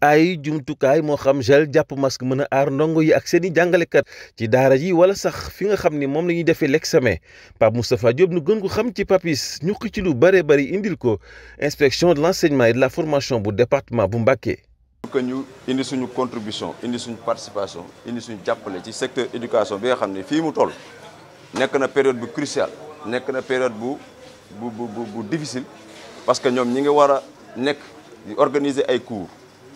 ay jumtukaay moo xam gel jàpp masque mën a aar ndongo yi ak seen i jàngalekat ci daara ji wala sax fi nga xam ni moom la ñuy defee l'examen Pape Moustapha Diop nu gën ko xam ci papis ñu ci lu bëree bëri indil ko inspection de l'enseignement et de la formation bu département bu Mbacké que ñu indi suñu contribution indi suñu participation indi suñu jàppale ci secteur éducation bi nga xam ne fii mu toll nekk na période bu cruciale nekk na période bu bu b bu difficile parce que ñoom ñi ngi war a nekk di organiser ay cours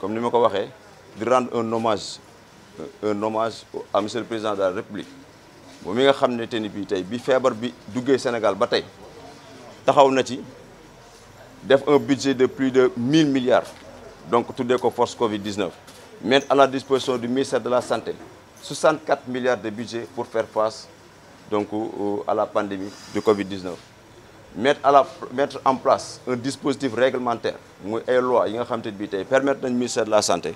comme nous dit, de rendre un hommage un hommage à monsieur le président de la république Si vous nga que ne ni bii au Sénégal ba un budget de plus de 1000 milliards donc d'un ko force Covid 19. mettre à la disposition du ministère de la santé 64 milliards de budget pour faire face donc à la pandémie de Covid 19 mettre à la mettre en place un dispositif réglementaire muy loi yi nga xam te bii permettre nañ ministère de la santé.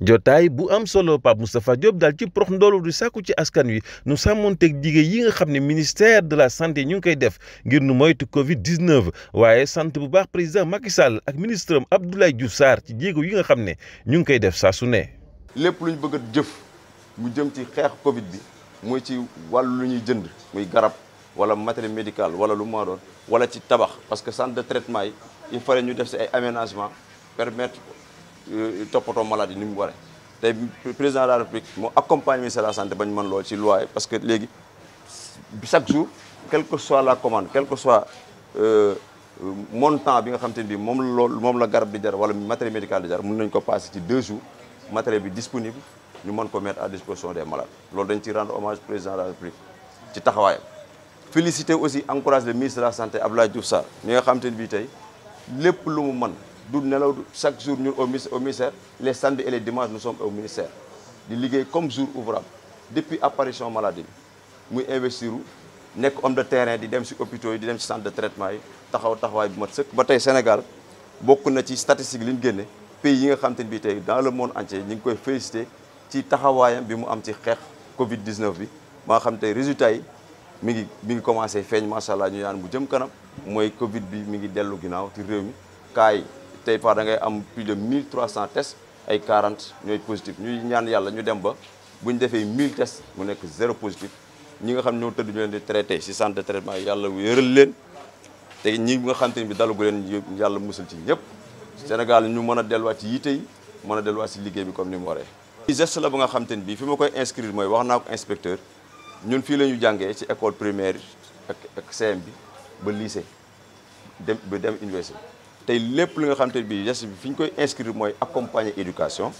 Jotay bu am solo Pape Moustapha Diop dal ci prox ndolou du sakku ci askan wi nu samonté digé yi nga xamné ministère de la santé ñu ngi koy def ngir nu moytu Covid 19 wayé sant bu baax président Macky Sall ak ministre Abdoulaye Diouf Sar ci jéego yi nga xamné ñu ngi koy def saa su né lépp luñu bëgg jëf mu jëm ci xeex Covid bi moy ci walu luñuy jënd muy garab wala matériel médical wala lu maa doon wala ci tabac, parce que centre de traitement il fallait ñu def si ay aménagement permettre de euh, maladie ni mu Le président de la république m'a accompagne ministère de la santé mën loi parce que chaque jour quelle que soit la commande quel que soit euh, montant bi nga xam te la garde médicale, jar matériel médical nous jar mën passer deux jours matériel est disponible nous mën ko mettre à disposition des malades loolu dañ ci rendre hommage président de la république ci féliciter aussi encourager le ministre de la santé Abdoulaye Diouf Sarr ñi nga xam te ne bii tey lu mu man du nelaw chaque jour ñun au ministère les samedis et les dimanches nous sommes au ministère di liguey comme jour ouvrable depuis apparition maladie muy investir nek homme de terrain di dem ci hôpitaux di dem ci centre de traitement yi taxaw taxaway bi mat seuk ba tay Sénégal bokku na ci statistique li ñu pays yi nga xam dans le monde entier ñu ngi koy féliciter ci taxawayam bi mu am ci xex Covid 19 bi maa xam les résultats yi. mi ngi mi commencé feeñ macha allah ñu yaan bu jëm kanam mooy Covid bi mi ngi dellu ginnaaw ci réew mi cas yi tey par da ngay am plus de 1300 ay 40 ñooy positif ñuy ñaan yàlla ñu dem ba bu ñu defee 1000 tests mu nekk zéro positif ñi nga xam ñoo tëdd ñu leen di traité si centre de traitement yàlla wéeral leen te ñi nga xam te bi dalagu leen yàlla musul ci ñëpp Sénégal ñu mën a delluwaat ci yitte yi mën a delluwaat si liggéey bi comme ni mu waree. geste la ba nga xam te bii fi koy inscrire mooy wax naa ko inspecteur. ñun fi lañu ñu ci école primaire ak ak CM bi ba lycée dem ba dem université tey lépp li nga xam te bii geste bi fi ñu koy inscrire mooy accompagner éducation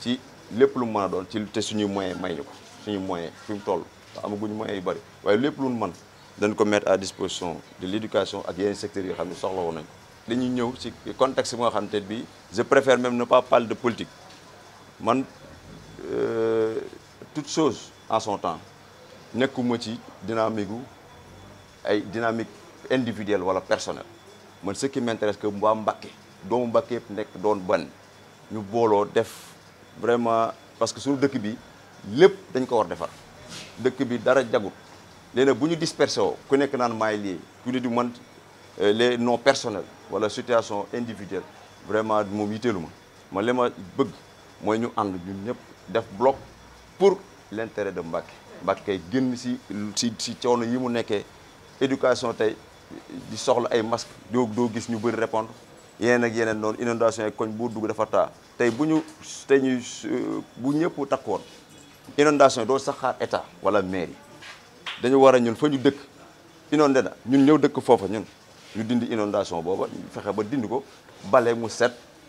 ci lépp lu mu mën a doon ci te suñu moyen may ñu ko suñu moyen fi mu toll amaguñu moyen yu bëri waaye lépp lu mu mën dañ ko mettre à disposition de l' éducation ak yeneen secteurs yoo xam ne soxla woon nañ ko dañuy ñëw ci contexte bi nga xam te bii je préfère même ne pas parler de politique man euh, toute chose en son temps Nous ci dynamique dynamique individuelle ou personnelle ce qui m'intéresse que moi, un homme. Mbacké yëpp un homme. ban ñu un def vraiment parce que sur le bi lépp dañ ko war est bi dara jagut ku euh, les situation individuelle vraiment de mobilité ma bëgg ñu nous ñun bloc pour l'intérêt de Mbaké. Mbaké, kay si si éducation di ay masque doug répondre Il y a non inondation qui koñ très dugg dafa taa tey bu ñu ñu bu ñëpp inondation yi état wala mairie dañu war a ñun fa ñu dëkk inondé na ñun de dëkk inondation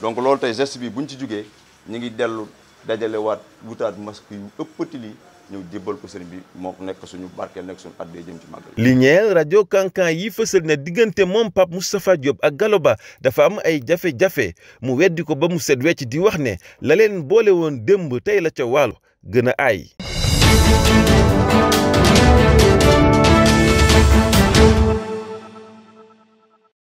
donc loolu tey geste bi bu ñu ci jógee ñu ngi dellu dajalewaat wutaat masque yu ëppati li ñëw jébbal ko sëriñ bi moo nekk suñu barkeel nekk suñu addee jëm ci màggal li ñeel rajo Kankan yi fësal ne diggante moom Pape Moustapha Diop ak Gallo Ba dafa am ay jafe-jafe mu weddi ko ba mu set wecc di wax ne laleen leen boole woon démb tey la ca wàllu gën a aay